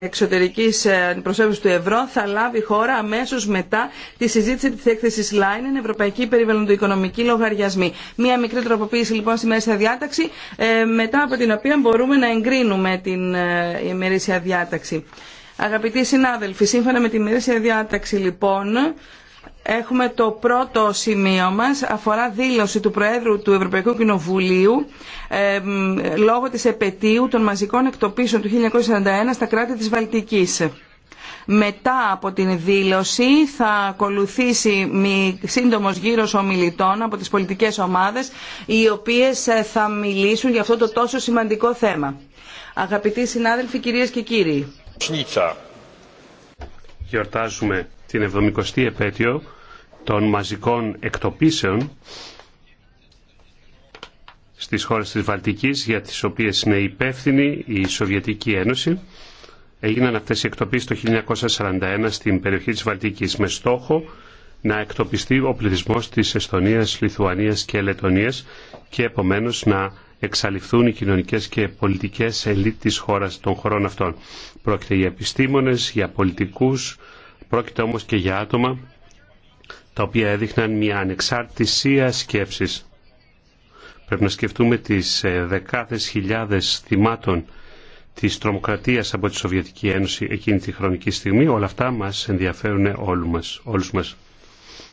εξωτερικής ε, προσέγγισης του ευρώ θα λάβει χώρα αμέσω μετά τη συζήτηση της έκθεσης Λάινεν Ευρωπαϊκή Περιβαλλοντοοικονομική Λογαριασμή. Μία μικρή τροποποίηση λοιπόν στη μέρησια διάταξη ε, μετά από την οποία μπορούμε να εγκρίνουμε την ε, ημερήσια διάταξη. Αγαπητοί συνάδελφοι, σύμφωνα με τη ημερήσια διάταξη λοιπόν έχουμε το πρώτο σημείο μας αφορά δήλωση του Προέδρου του Ευρωπαϊκού Κοινοβουλίου λόγω της επαιτίου των μαζικών εκτοπίσεων του 1941 στα κράτη της Βαλτικής. Μετά από την δήλωση θα ακολουθήσει σύντομος γύρος ομιλητών από τις πολιτικές ομάδες οι οποίες ε, θα μιλήσουν για αυτό το τόσο σημαντικό θέμα. Αγαπητοί συνάδελφοι, κυρίες και κύριοι γιορτάζουμε την 70η επέτειο των μαζικών εκτοπίσεων στις χώρες της Βαλτικής για τις οποίες είναι υπεύθυνη η Σοβιετική Ένωση. Έγιναν αυτές οι εκτοπίσεις το 1941 στην περιοχή της Βαλτικής με στόχο να εκτοπιστεί ο πληθυσμός της Εστονίας, Λιθουανίας και Λετωνίας και επομένως να εξαλειφθούν οι κοινωνικές και πολιτικές ελίτ της χώρας των χωρών αυτών. Πρόκειται για επιστήμονες, για πολιτικούς, πρόκειται όμως και για άτομα τα οποία έδειχναν μια ανεξάρτησία σκέψης. Πρέπει να σκεφτούμε τις ε, δεκάδες χιλιάδες θυμάτων της τρομοκρατίας από τη Σοβιετική Ένωση εκείνη τη χρονική στιγμή. Όλα αυτά μας ενδιαφέρουν όλους μας. Όλους μας.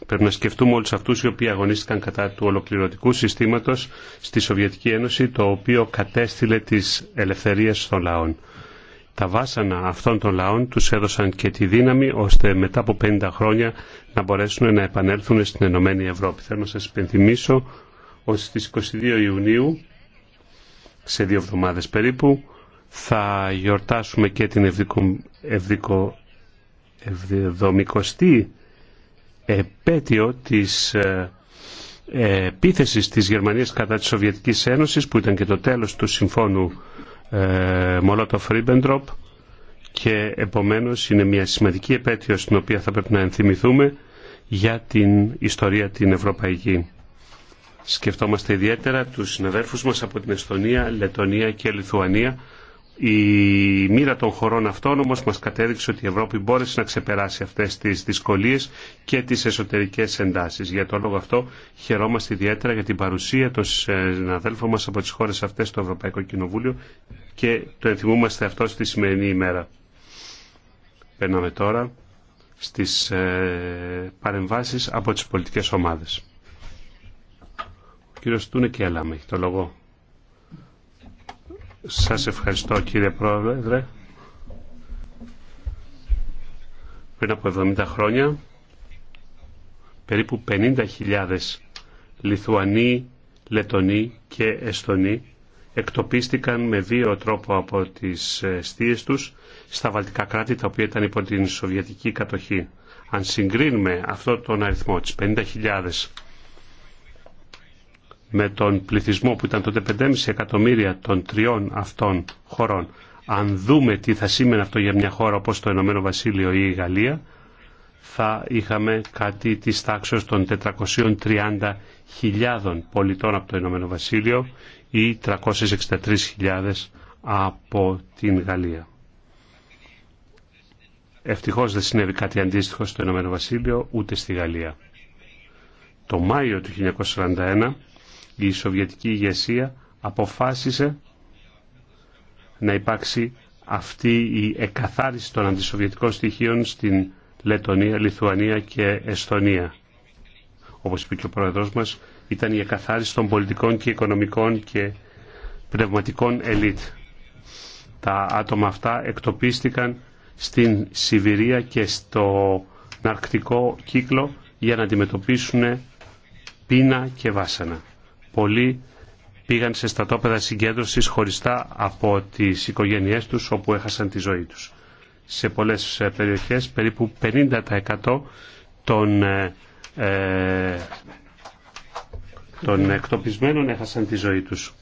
Πρέπει να σκεφτούμε όλους αυτούς οι οποίοι αγωνίστηκαν κατά του ολοκληρωτικού συστήματος στη Σοβιετική Ένωση, το οποίο κατέστηλε τις ελευθερίες των λαών. Τα βάσανα αυτών των λαών τους έδωσαν και τη δύναμη ώστε μετά από 50 χρόνια να μπορέσουν να επανέλθουν στην Ενωμένη Ευρώπη. Θέλω να σας υπενθυμίσω ότι στις 22 Ιουνίου, σε δύο εβδομάδες περίπου, θα γιορτάσουμε και την ευδικο, ευδικο, ευδομικοστή επέτειο της ε, επίθεση της Γερμανίας κατά της Σοβιετικής Ένωσης που ήταν και το τέλος του συμφώνου ε, Μολότοφ-Ρίμπεντροπ και επομένως είναι μια σημαντική επέτειο στην οποία θα πρέπει να ενθυμηθούμε για την ιστορία την ευρωπαϊκή. Σκεφτόμαστε ιδιαίτερα τους συναδέρφους μας από την Εστονία, Λετωνία και Λιθουανία η μοίρα των χωρών αυτών όμως μας κατέδειξε ότι η Ευρώπη μπόρεσε να ξεπεράσει αυτές τις δυσκολίες και τις εσωτερικές εντάσεις. Για τον λόγο αυτό χαιρόμαστε ιδιαίτερα για την παρουσία των συναδέλφων μας από τις χώρες αυτές στο Ευρωπαϊκό Κοινοβούλιο και το ενθυμούμαστε αυτό στη σημερινή ημέρα. Περνάμε τώρα στις ε, παρεμβάσεις από τις πολιτικές ομάδες. Ο κύριος Τούνε Κέλαμ έχει το λόγο. Σας ευχαριστώ κύριε Πρόεδρε. Πριν από 70 χρόνια, περίπου 50.000 Λιθουανοί, Λετονοί και Εστονοί εκτοπίστηκαν με δύο τρόπο από τις στίες τους στα βαλτικά κράτη τα οποία ήταν υπό την Σοβιετική κατοχή. Αν συγκρίνουμε αυτό τον αριθμό, τις 50.000 με τον πληθυσμό που ήταν τότε 5,5 εκατομμύρια των τριών αυτών χωρών, αν δούμε τι θα σήμαινε αυτό για μια χώρα όπως το Ηνωμένο Βασίλειο ή η Γαλλία, θα είχαμε κάτι της τάξης των 430.000 πολιτών από το Ηνωμένο Βασίλειο ή 363.000 από την Γαλλία. Ευτυχώς δεν συνέβη κάτι αντίστοιχο στο Ηνωμένο Βασίλειο ούτε στη Γαλλία. Το Μάιο του 1941 η Σοβιετική ηγεσία αποφάσισε να υπάρξει αυτή η εκαθάριση των αντισοβιετικών στοιχείων στην Λετωνία, Λιθουανία και Εστονία. Όπως είπε και ο Πρόεδρος μας, ήταν η εκαθάριση των πολιτικών και οικονομικών και πνευματικών ελίτ. Τα άτομα αυτά εκτοπίστηκαν στην Σιβηρία και στο ναρκτικό κύκλο για να αντιμετωπίσουν πείνα και βάσανα πολλοί πήγαν σε στατόπεδα συγκέντρωσης χωριστά από τις οικογένειές τους όπου έχασαν τη ζωή τους. Σε πολλές ε, περιοχές περίπου 50% των, ε, ε, των εκτοπισμένων έχασαν τη ζωή τους.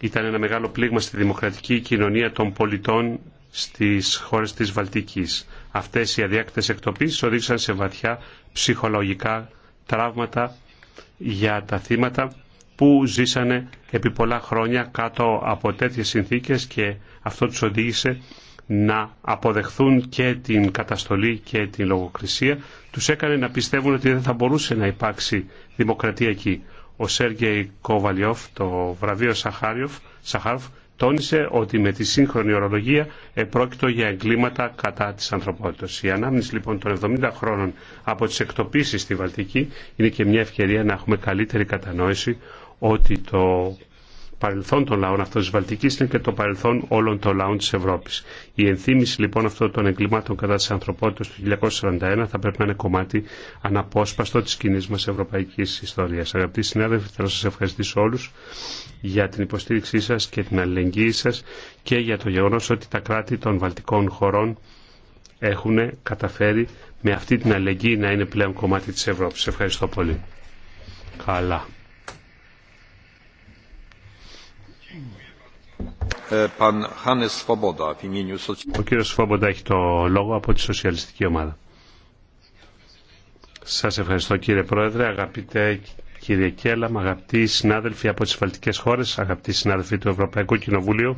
Ήταν ένα μεγάλο πλήγμα στη δημοκρατική κοινωνία των πολιτών στις χώρες της Βαλτικής. Αυτές οι αδιάκτητες εκτοπίσεις οδήγησαν σε βαθιά ψυχολογικά τραύματα για τα θύματα που ζήσανε επί πολλά χρόνια κάτω από τέτοιες συνθήκες και αυτό τους οδήγησε να αποδεχθούν και την καταστολή και την λογοκρισία, τους έκανε να πιστεύουν ότι δεν θα μπορούσε να υπάρξει δημοκρατία εκεί. Ο Σέργεϊ Κοβαλιόφ, το βραβείο Σαχάριοφ, Σαχάροφ, τόνισε ότι με τη σύγχρονη ορολογία επρόκειτο για εγκλήματα κατά της ανθρωπότητας. Η ανάμνηση λοιπόν των 70 χρόνων από τις εκτοπίσεις στη Βαλτική είναι και μια ευκαιρία να έχουμε καλύτερη κατανόηση ότι το παρελθόν των λαών αυτών της Βαλτικής είναι και το παρελθόν όλων των λαών της Ευρώπης. Η ενθύμηση λοιπόν αυτών των εγκλημάτων κατά της ανθρωπότητας του 1941 θα πρέπει να είναι κομμάτι αναπόσπαστο της κοινή μας ευρωπαϊκής ιστορίας. Αγαπητοί συνάδελφοι, θέλω να σας ευχαριστήσω όλους για την υποστήριξή σας και την αλληλεγγύη σας και για το γεγονός ότι τα κράτη των Βαλτικών χωρών έχουν καταφέρει με αυτή την αλληλεγγύη να είναι πλέον κομμάτι της Ευρώπης. Ευχαριστώ πολύ. Καλά. Ε, Ο κύριος Σφόμποντα έχει το λόγο από τη Σοσιαλιστική Ομάδα. Σας ευχαριστώ κύριε Πρόεδρε, αγαπητέ κύριε Κέλαμ, αγαπητοί συνάδελφοι από τις Βαλτικές χώρες, αγαπητοί συνάδελφοι του Ευρωπαϊκού Κοινοβουλίου.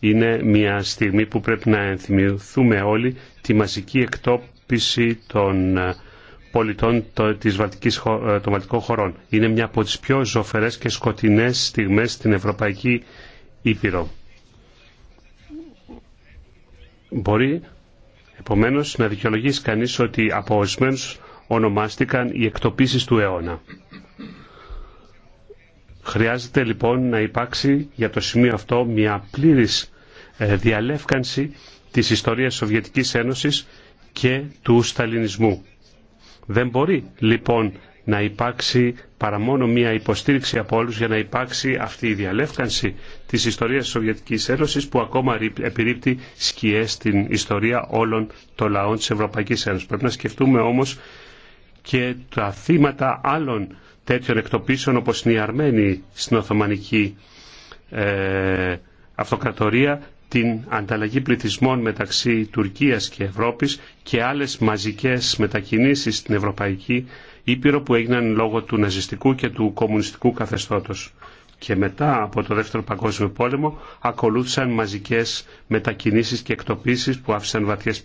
Είναι μια στιγμή που πρέπει να ενθυμηθούμε όλοι τη μαζική εκτόπιση των πολιτών ε, των Βαλτικών χωρών. Είναι μια από τις πιο ζωφερές και σκοτεινές στιγμές στην Ευρωπαϊκή Ήπειρο. Μπορεί επομένως να δικαιολογήσει κανείς ότι από ονομάστηκαν οι εκτοπίσεις του αιώνα. Χρειάζεται λοιπόν να υπάρξει για το σημείο αυτό μια πλήρης ε, διαλεύκανση της ιστορίας Σοβιετικής Ένωσης και του Σταλινισμού. Δεν μπορεί λοιπόν να υπάρξει παρά μόνο μία υποστήριξη από όλους για να υπάρξει αυτή η διαλεύκανση της ιστορίας της Σοβιετικής Ένωσης που ακόμα επιρρύπτει σκιές στην ιστορία όλων των λαών της Ευρωπαϊκής Ένωσης. Πρέπει να σκεφτούμε όμως και τα θύματα άλλων τέτοιων εκτοπίσεων όπως είναι οι Αρμένοι στην Οθωμανική ε, Αυτοκρατορία την ανταλλαγή πληθυσμών μεταξύ Τουρκίας και Ευρώπης και άλλες μαζικές μετακινήσεις στην Ευρωπαϊκή Ήπειρο που έγιναν λόγω του ναζιστικού και του κομμουνιστικού καθεστώτος. Και μετά από το Δεύτερο Παγκόσμιο Πόλεμο ακολούθησαν μαζικές μετακινήσεις και εκτοπίσεις που άφησαν βαθιές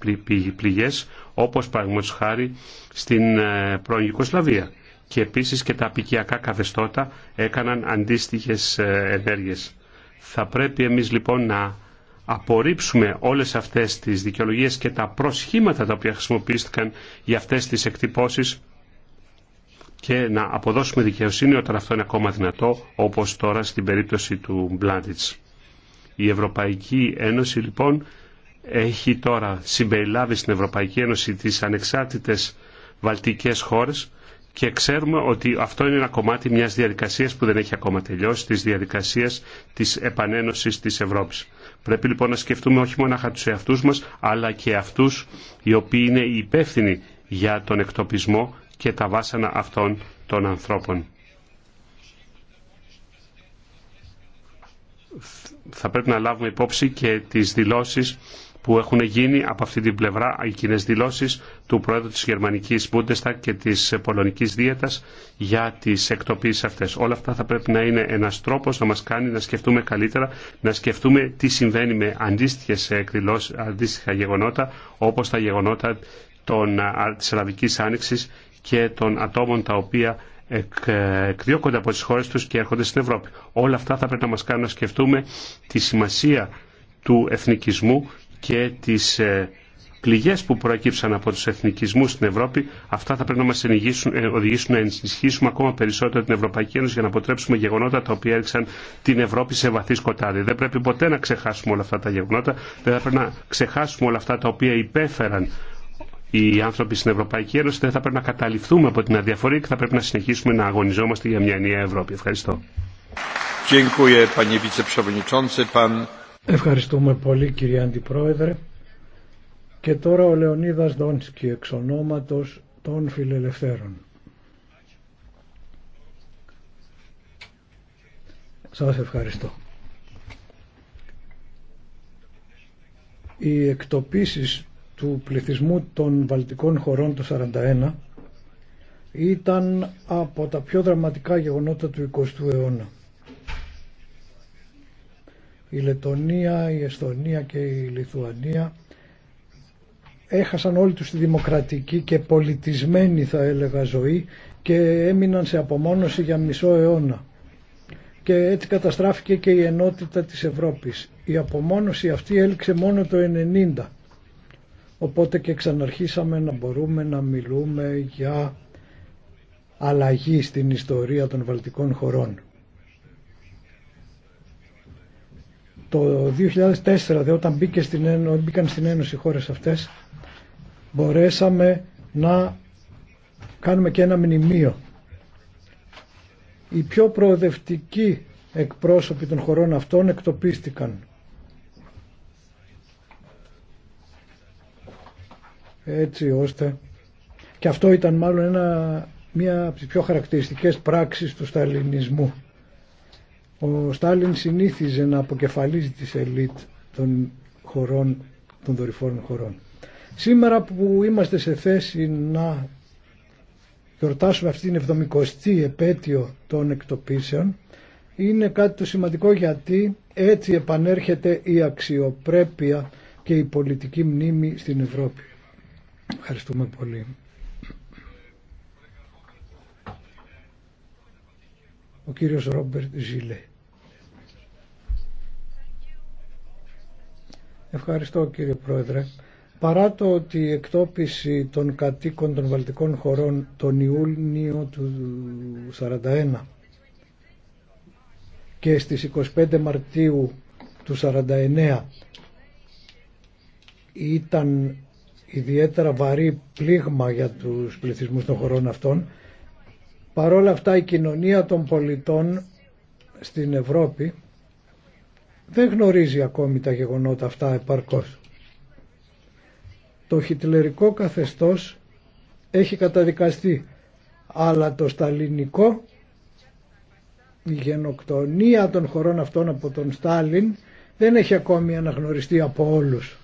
πληγές όπως παραδείγματος χάρη στην ε, πρώην Ιουκοσλαβία. Και επίσης και τα απικιακά καθεστώτα έκαναν αντίστοιχες ε, ενέργειες. Θα πρέπει εμείς λοιπόν να απορρίψουμε όλες αυτές τις δικαιολογίες και τα προσχήματα τα οποία χρησιμοποιήθηκαν για αυτές τις εκτυπώσεις και να αποδώσουμε δικαιοσύνη όταν αυτό είναι ακόμα δυνατό, όπως τώρα στην περίπτωση του Μπλάντιτς. Η Ευρωπαϊκή Ένωση λοιπόν έχει τώρα συμπεριλάβει στην Ευρωπαϊκή Ένωση τις ανεξάρτητες βαλτικές χώρες και ξέρουμε ότι αυτό είναι ένα κομμάτι μιας διαδικασίας που δεν έχει ακόμα τελειώσει, της διαδικασίας της επανένωσης της Ευρώπης. Πρέπει λοιπόν να σκεφτούμε όχι μόνο τους εαυτούς μας, αλλά και αυτούς οι οποίοι είναι υπεύθυνοι για τον εκτοπισμό και τα βάσανα αυτών των ανθρώπων. Θα πρέπει να λάβουμε υπόψη και τις δηλώσεις που έχουν γίνει από αυτή την πλευρά οι κοινέ δηλώσεις του Πρόεδρου της Γερμανικής Μπούντεστα και της Πολωνικής Δίαιτας για τις εκτοπίσεις αυτές. Όλα αυτά θα πρέπει να είναι ένας τρόπος να μας κάνει να σκεφτούμε καλύτερα, να σκεφτούμε τι συμβαίνει με αντίστοιχες αντίστοιχα γεγονότα, όπως τα γεγονότα των, της Αραβικής Άνοιξης και των ατόμων τα οποία εκδιώκονται από τις χώρες τους και έρχονται στην Ευρώπη. Όλα αυτά θα πρέπει να μας κάνουν να σκεφτούμε τη σημασία του εθνικισμού και τις ε, πληγές που προέκυψαν από τους εθνικισμούς στην Ευρώπη, αυτά θα πρέπει να μας ε, οδηγήσουν να ενισχύσουμε ακόμα περισσότερο την Ευρωπαϊκή Ένωση για να αποτρέψουμε γεγονότα τα οποία έριξαν την Ευρώπη σε βαθύ σκοτάδι. Δεν πρέπει ποτέ να ξεχάσουμε όλα αυτά τα γεγονότα, δεν θα πρέπει να ξεχάσουμε όλα αυτά τα οποία υπέφεραν οι άνθρωποι στην Ευρωπαϊκή Ένωση δεν θα πρέπει να καταληφθούμε από την αδιαφορία και θα πρέπει να συνεχίσουμε να αγωνιζόμαστε για μια νέα Ευρώπη. Ευχαριστώ. Ευχαριστούμε πολύ κύριε Αντιπρόεδρε. Και τώρα ο Λεωνίδας Δόνσκι εξ ονόματος των Φιλελευθέρων. Σας ευχαριστώ. Οι εκτοπίσεις του πληθυσμού των Βαλτικών χωρών το 1941 ήταν από τα πιο δραματικά γεγονότα του 20ου αιώνα η Λετωνία, η Εσθονία και η Λιθουανία έχασαν όλοι τους τη δημοκρατική και πολιτισμένη θα έλεγα ζωή και έμειναν σε απομόνωση για μισό αιώνα. Και έτσι καταστράφηκε και η ενότητα της Ευρώπης. Η απομόνωση αυτή έλξε μόνο το 90. Οπότε και ξαναρχίσαμε να μπορούμε να μιλούμε για αλλαγή στην ιστορία των βαλτικών χωρών. Το 2004, δε, όταν μπήκε στην Ένω, μπήκαν στην Ένωση οι χώρες αυτές, μπορέσαμε να κάνουμε και ένα μνημείο. Οι πιο προοδευτικοί εκπρόσωποι των χωρών αυτών εκτοπίστηκαν. Έτσι ώστε... Και αυτό ήταν μάλλον ένα, μια από τις πιο χαρακτηριστικές πράξεις του σταλινισμού. Ο Στάλιν συνήθιζε να αποκεφαλίζει τις ελίτ των χωρών, των δορυφόρων χωρών. Σήμερα που είμαστε σε θέση να γιορτάσουμε αυτή την 70η επέτειο των εκτοπίσεων, είναι κάτι το σημαντικό γιατί έτσι επανέρχεται η αξιοπρέπεια και η πολιτική μνήμη στην Ευρώπη. Ευχαριστούμε πολύ. ο κύριος Ρόμπερτ Ζιλέ. Ευχαριστώ κύριε Πρόεδρε. Παρά το ότι η εκτόπιση των κατοίκων των βαλτικών χωρών τον Ιούνιο του 1941 και στις 25 Μαρτίου του 1949 ήταν ιδιαίτερα βαρύ πλήγμα για τους πληθυσμούς των χωρών αυτών Παρόλα αυτά η κοινωνία των πολιτών στην Ευρώπη δεν γνωρίζει ακόμη τα γεγονότα αυτά επαρκώς. Το χιτλερικό καθεστώς έχει καταδικαστεί, αλλά το σταλινικό, η γενοκτονία των χωρών αυτών από τον Στάλιν δεν έχει ακόμη αναγνωριστεί από όλους.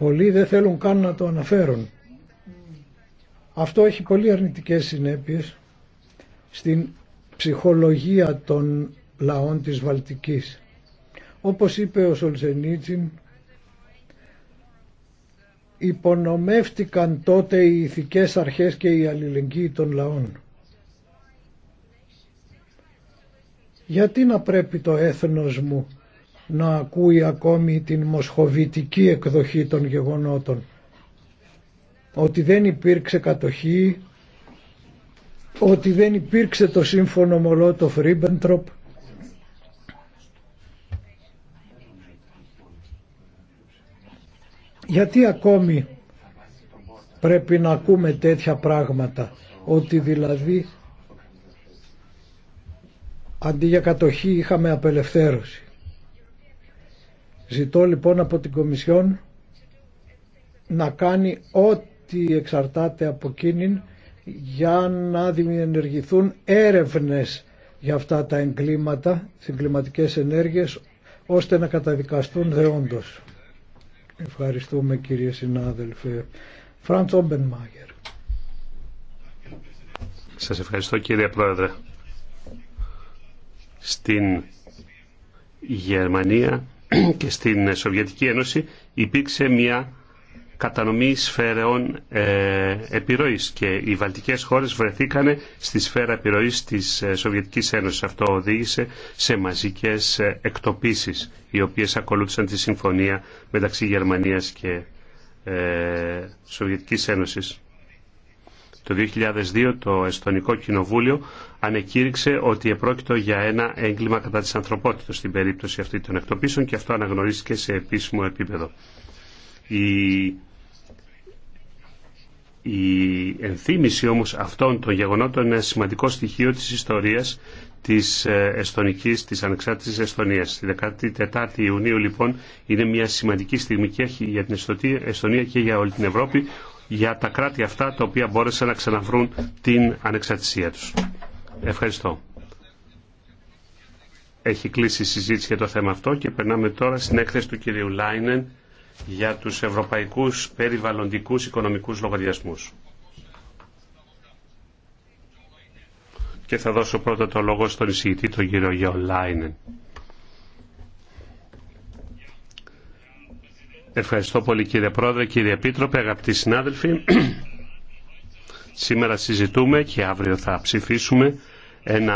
Πολλοί δεν θέλουν καν να το αναφέρουν. Αυτό έχει πολύ αρνητικές συνέπειες στην ψυχολογία των λαών της Βαλτικής. Όπως είπε ο Σολζενίτσιν, υπονομεύτηκαν τότε οι ηθικές αρχές και η αλληλεγγύη των λαών. Γιατί να πρέπει το έθνος μου να ακούει ακόμη την μοσχοβητική εκδοχή των γεγονότων. Ότι δεν υπήρξε κατοχή, ότι δεν υπήρξε το σύμφωνο Μολότοφ Ρίμπεντροπ, Γιατί ακόμη πρέπει να ακούμε τέτοια πράγματα, ότι δηλαδή αντί για κατοχή είχαμε απελευθέρωση. Ζητώ λοιπόν από την Κομισιόν να κάνει ό,τι εξαρτάται από εκείνην για να δημιουργηθούν έρευνες για αυτά τα εγκλήματα, τις εγκληματικές ενέργειες, ώστε να καταδικαστούν δεόντως. Ευχαριστούμε κύριε συνάδελφε. Φραντς Όμπενμάγερ. Σας ευχαριστώ κύριε Πρόεδρε. Στην Γερμανία και στην Σοβιετική Ένωση υπήρξε μια κατανομή σφαίρεων ε, επιρροής και οι βαλτικές χώρες βρεθήκανε στη σφαίρα επιρροής της ε, Σοβιετικής Ένωσης. Αυτό οδήγησε σε μαζικές ε, εκτοπίσεις οι οποίες ακολούθησαν τη συμφωνία μεταξύ Γερμανίας και ε, Σοβιετικής Ένωσης. Το 2002 το Εστονικό Κοινοβούλιο ανεκήρυξε ότι επρόκειτο για ένα έγκλημα κατά της ανθρωπότητας στην περίπτωση αυτή των εκτοπίσεων και αυτό αναγνωρίστηκε σε επίσημο επίπεδο. Η, η ενθύμηση όμως αυτών των γεγονότων είναι σημαντικό στοιχείο της ιστορίας της ε, Εστονικής, της Ανεξάρτητης Εστονίας. Στη 14η Ιουνίου λοιπόν είναι μια σημαντική στιγμή και για την Εστονία και για όλη την Ευρώπη για τα κράτη αυτά τα οποία μπόρεσαν να ξαναβρούν την ανεξαρτησία τους. Ευχαριστώ. Έχει κλείσει η συζήτηση για το θέμα αυτό και περνάμε τώρα στην έκθεση του κυρίου Λάινεν για τους ευρωπαϊκούς περιβαλλοντικούς οικονομικούς λογαριασμούς. Και θα δώσω πρώτα το λόγο στον εισηγητή, τον κύριο Γιώ Λάινεν. Ευχαριστώ πολύ κύριε Πρόεδρε, κύριε Επίτροπε, αγαπητοί συνάδελφοι. Σήμερα συζητούμε και αύριο θα ψηφίσουμε ένα